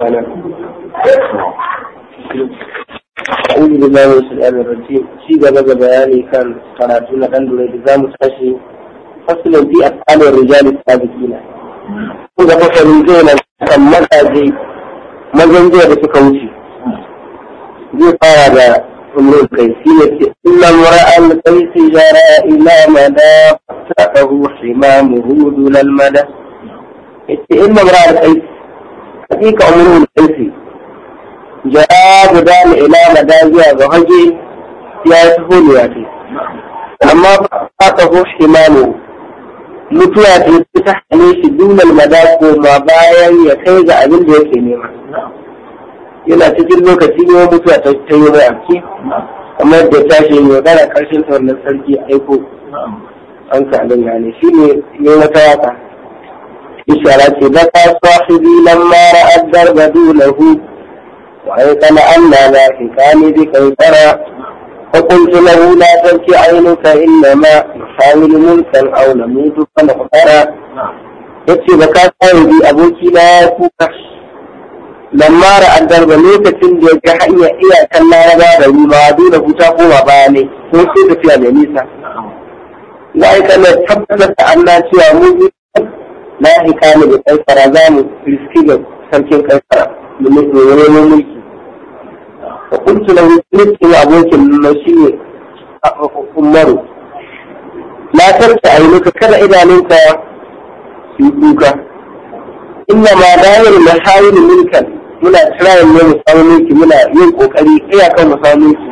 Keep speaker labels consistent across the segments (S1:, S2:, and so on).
S1: أعوذ بالله من الشيطان الرجيم في جبل بياني كان قناتنا كان دون التزام تشي فصل في أفعال الرجال السابقين إذا فصل الجيل كان مرأجي مجن جاء بتكوشي دي قال أمر القيسية إن المرأة القيس جرى إلى مدى فتأته حمامه دون المدى إن المرأة القيس hakika umarnin ɗansi jawabu da ila da dajiya ga hage ya yi taho ne ya ce amma ba ta ho shi mamu mutuwa ta yi ta hane shi dunar madako ma bayan ya kai ga abin da yake nema yana cikin lokaci ne mutuwa ta yi mai amki kamar da ta shi ne gara karshen sauran sarki aiko an ka abin gane shi ne wata waka بشرت بقى صاحبي لما رأى الدرب دونه وأيقن أن لا حكام بكي ترى فقلت له لا تبكي عينك إنما نحاول ملكا أو نموت فنحضر قلت بقى صاحبي أبوك لا فكر لما رأى الدرب ليك تندي الجحية إيا كلا ربا بني ما دونه تاقو باني فقلت في أمينيسا وعيثم أن لا تبكي na hikami da kaisara za mu riski da sarkin kaisara da neman mulki wa kuntu lahu niskin abokin na shi ne umaru la tarta ainuka kada idanunka su duka inna ma dawar mahayir minkan muna tirayin ne mu samu mulki muna yin kokari iyakan mu samu mulki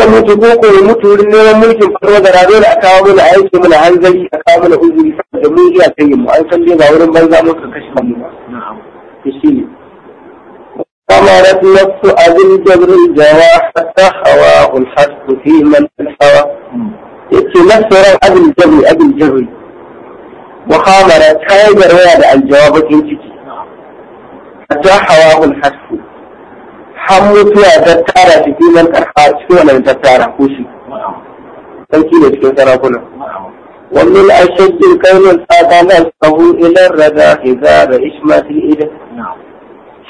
S1: وقال متبوق ومتور من الملك فرد رابيل أكاوب العيس من هنزي أكاوب الهزي جميل يا سيما أيضا لي ظهور بيضا متكشف منها نعم تشيل وقام رد نفس أبي الجبر الجواح حتى حواه الحسب في من الحوا يتنفس رد أبي الجبر أبي الجبر وقام رد خير رد الجواب تنتجي حتى حواه الحسب har mutuwa ta tara shi filin karfa cikin wannan ta tara ko shi sarki da cikin sarakuna ومن أشد الكون الآدم أسقه إلى الردى إذا بإشمة الإله نعم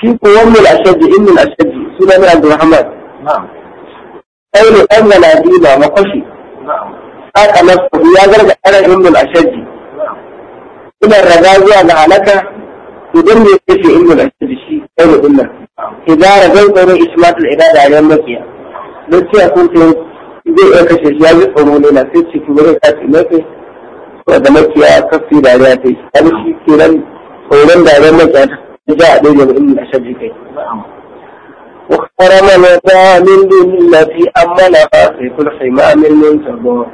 S1: شيك ومن الأشد إن الأشد سنة عبد الرحمن نعم قول أن العديمة مقشي نعم أتى نفسه يا درجة أنا إن الأشد نعم إلى الردى زي أنا عليك تدرني في إن الأشد شيء قول إنه إذا رجوت إلى إسمات العبادة على المكية بس يكون في زي إيكا شجاج القرون لنا في الشكورة في المكية وإذا مكية كفي دارياتي هذا الشيء كيران قولان داريا مكية جاء دي من الأشد كي واختار من من دون التي أمن في كل حمام من تبور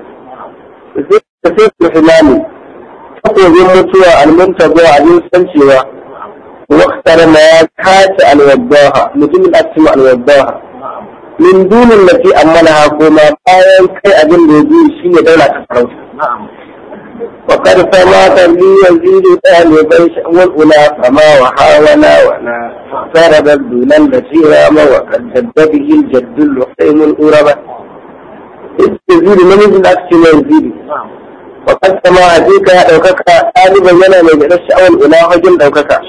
S1: في كل حمام تقوى بمتوى المنتبوى عن السلسوة واختر ما كاس أن يبداها مثل الأسماء أن يبداها من دون التي أمنها كما قال كي أبن يجي شيء دولة تفرنسا نعم. وقد سمعت لي يزيد أهل بيش أولا فما وحاولا ونا اقترب دولا بسيرا وقد جد به الجد اللحيم الأربة استزيد من يزيد أكتما يزيد نعم وقد سمع ذيك يا دوكك آدي بينا من جلس أول إله جل دوكك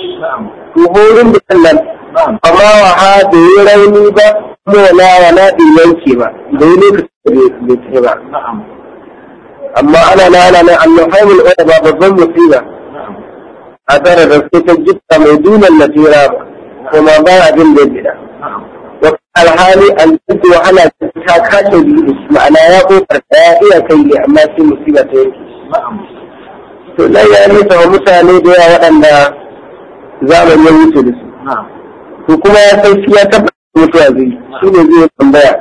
S1: مهول نعم. بسلم فما نعم. وها بيريني با مولا ولا بيليكي با بيليك بيتي با أما أنا لا لا لا أن نحيم الأربع بالظلم نعم. مصيبة أدار رسيك جدا مدون التي رابع وما باع بالبدلة alhali aljihu wahala ta kashe biyu ma'ana ya kofar ta iya kai amma to dan ya nisa wa mutane da yawa waɗanda zamani ya wuce da su to kuma ya san shi ya tabbata mutuwa zai shi ne zai tambaya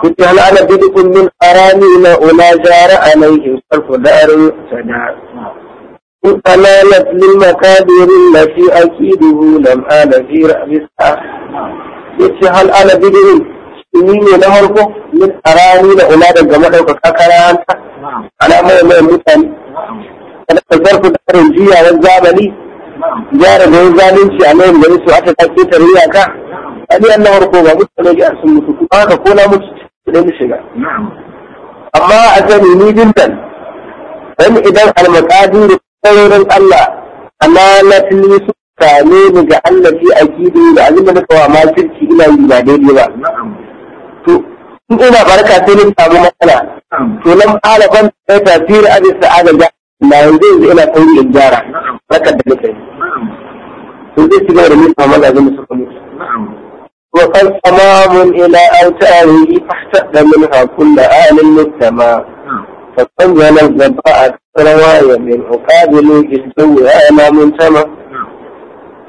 S1: kuce hal ana bidikun min arami ila ula jara alaihim sarfu darin sadar طلالت للمكابر التي أكيده لم آل في رأسها yace hal ana bidirin shi ne na harko min arani da ula daga madaukaka karanta على ما مثل الظرف الخارجية والزامني جارب هو زامن شيء عليهم جميع سواء تكتير تريعك أني أنه رقوبة مثل يجأس المتكوبة آه، تكون مسلم الشجاع أما أزميني جدا فإن إذا المقادير تقول الله أما لا تلمسوا same mu ga Allah fi akidi da abin da na kawo ma kirki ina yi ba daidai ba. To, in ina barka sai ni samu matsala to nan ɗaliban sai tasiri a bisa agaja na yanzu yanzu ina sauri in gyara barka da nika yi to zai ci gaba da nisa mazajen da suka mutu وقد تمام إلى أوتاره فاحتد منها كل آل للسماء فطول الزباء رواية من أقابل الجو أنا من سما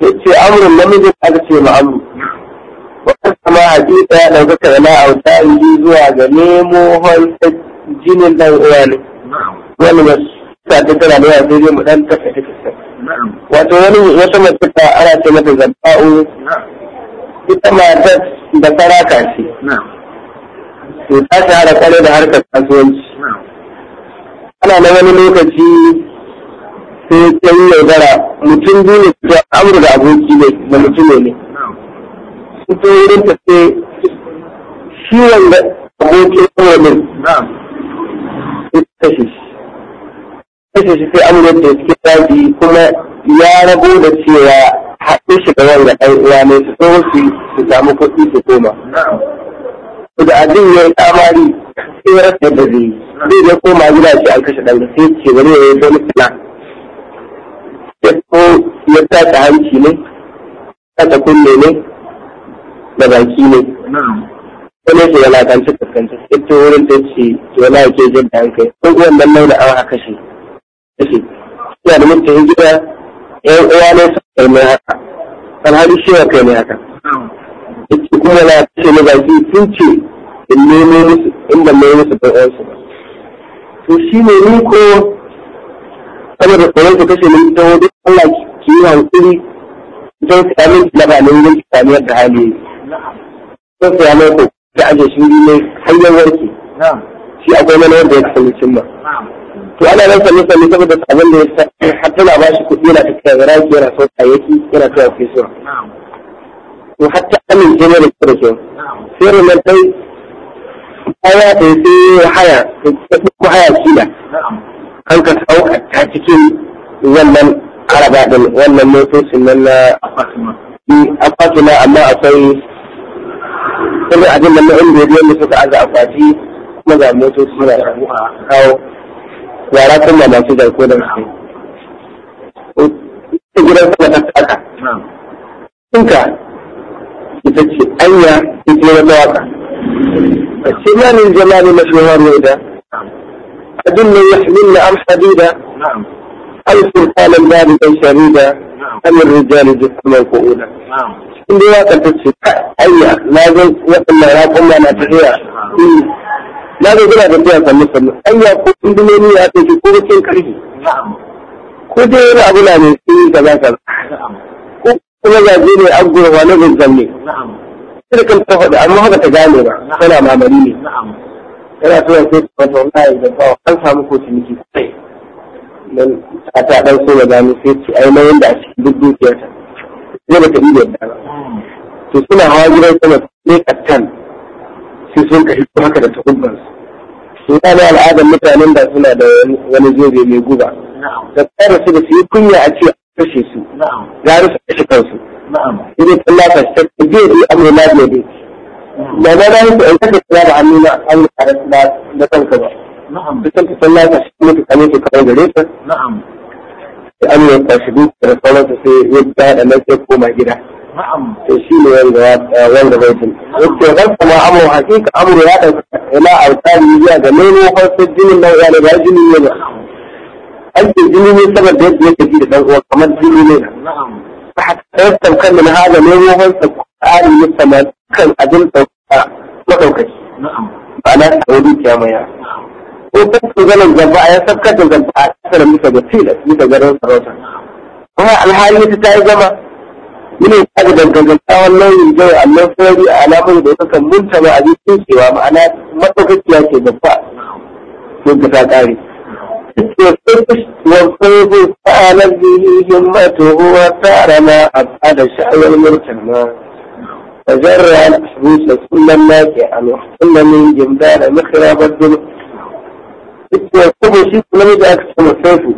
S1: يأتي أمر لم يجب أن يأتي أمر hakika ya ɗaukaka in ji zuwa ga nemo hanta jinin ɗan uwa ne wani masu ta tana da yawa sai mu ɗan taka ta wato wani wata mace ta ana ce mata zabba'u ita ta da faraka ce to ta shahara kwarai da harkar kasuwanci ana na wani lokaci sai ta yi yaudara mutum biyu ne ta amurka aboki ne da mutum ne ne sun to wurin ta sai shi wanda abokin wani kashe shi kashe shi sai an yadda suke daji kuma ya rabo da cewa haɗe shi ga wanda ɗan uwa ne su so su su samu kuɗi su koma da abin ya yi kamari sai ya rasa yadda zai zai ya koma gida shi an kashe ɗan sai ce bari ya yi wani sana ya ko ya tace hanci ne tace kunne ne da baki ne sai ne wala kan ci fuskanci ita wurin ta ce ki wala ke jin da hankali ko uwan nan nuna da awa kashe. kace ina da mutum gida yan uwa ne sun kai mai haka kan hali shi kai ne haka yace kuma na kashe ne baki sun ce in nemo musu inda mai musu ba uwansu ba to shi ne ni ko saboda tsoron su kashe ni ta wajen Allah ki yi hankali don su aminci na ba ne wajen kamiyar da hali yi. Sun su ya mai da aje shi ne hanyar warke shi akwai mana wanda ya kasance ma to ana nan sanne sanne saboda abin da ya sa har tana ba shi kuɗi yana tafiya ga raki yana sau kayayyaki yana tafiya fi so to har ta amince ne da kyau sai rumen kai haya da ya sai haya ta ɗauko haya kila an ka sauka ta cikin wannan araba din wannan motocin nan na akwatima amma akwai kuma abin da ma'in da yadda suka aza akwati maza motoci maza ramuwa kawo yara kuma masu zarko da ramu ita gidan sama ta taka tinka ita ce anya ita wata waka a cimanin zamani mashuhar yau da abin da ya hamil na amsadi da alfin kwanan babu ɗan shari'a da amin rijali jikin mai ko'uda. sun dai waƙar ta ce kai ayya na ga waɗannan raƙon na tafiya hmm. na ga gina tafiya sannu sannu ayya ko indinoni ya ɗauki ko cikin ƙarfi ko dai wani abu na ne sun yi kaza kaza ko kuma zaje ne an gurfa na zanzan ne sai kan ta faɗi amma haka ta gane ba tana mamari ne yana tura sai ta fata wallahi da ba an samu ko ciniki kai. dan ta ta ɗan so ya gano sai ce ai na yanda a cikin duk dukiyarta zai baka iya da to suna hawa gidan sama sai kattan sai sun ka hito haka da takubban su sun al'adar mutanen da suna da wani zobe mai guba da tsara su da su yi kunya a ce kashe su gari su kashe kansu idan Allah ta shi ta biyu da amurna da ne da na da yanku an kasa kira da hannuna an yi da kanka ba. Na'am. Bisan ta sallah ta shi mutu kane ta kawai gare ta. Na'am. amurka shigo da sauransu sai ya ta da nan sai koma gida to shi ne wanda wanda bai tun yake ban kuma amur hakika amur ya da ila alkali ya ga nemo farko jinin nan ya da jini ne ba an ce jini ne saboda yadda yake ji da dan uwa kamar jini ne فحتى كان من هذا اليوم هو القرآن يسمى كان أدل مدوكش نعم أنا سعودي كامية وكان maganar gaba ya sabkar da gaba a kasar muka ga tilas muka ga ran sarauta kuma alhali ta ta yi zama mune ta ga dangantawan nauyin jai allon sarari a alamar da suka munta ba a jikin cewa ma'ana matsakaiciya ce babba sun ta kare والصيد فعل به همته وسارنا أبعد شأن المرتمى وجرى الأحبوس كل الناس أن يحصل من جمدان مخراب الدنيا kuma shi kuma ne da aka samarta su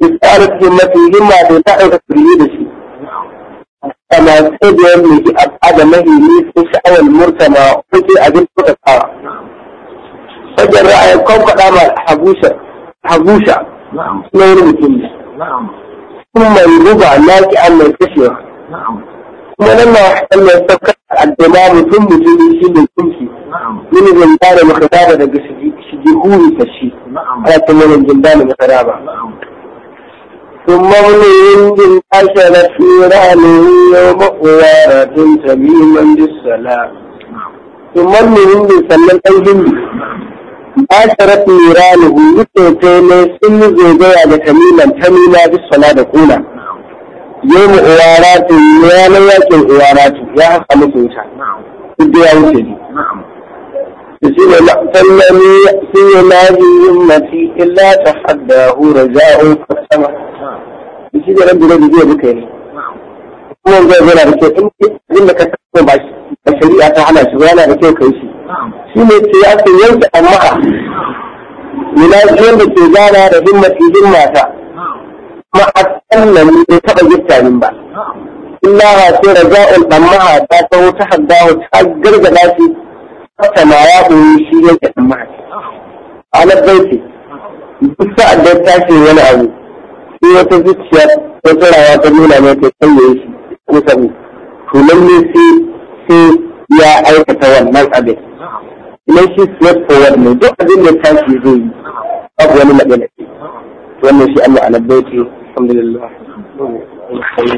S1: misalin da mafi himma da ta aika turiye da shi kama sai da yan mai abba da mahimmi sun sha'awar murtama kuke abin kuka kawa wajen ra'ayin kan faɗa ma habusha habusha na wani mutum kuma mai ruba na ki an mai kashewa kuma nan na wasan mai saukar addama mutum mutum shi mai kunki mini zan tare maka daga gaske يصدقون فشي نعم. لكن من الجلدان القرابة نعم. ثم ابن هند أشرت في رأله يوم قوارة تميما بالسلام نعم. ثم ابن هند سلم الهند أشرت نيرانه يتوتين سن زوجيا تميما تميما بالصلاة كولا يوم قوارات نيرانه يكن قوارات يا خمس وشان نعم بدي أوتي فلن يأتي ما أمتي إلا تحداه رجاء فالسمع يجي رب ربي دي أبوك يعني هو زي زي لك أنت إنك تكون بشريعة على شغلة بكيو كيشي شنو السياسة ينسى أمها يلازم بالتجارة رهمة همتها ما أتكلم من تبع جبتها من بعد نعم. إلا هاتي رجاء أمها تاتو تحداه تحقر جلاسي sama ya ɗoyi shi yake tsammani ala baiti duk sa'ad da tashi wani abu sai wata zuciya ta tsirawa ta nuna mai ta tsaye shi ko sabu to lalle sai sai ya aikata wannan abin idan shi siyar forward ne duk abin da tashi zai yi babu wani magana ce wannan shi Allah ala baiti alhamdulillah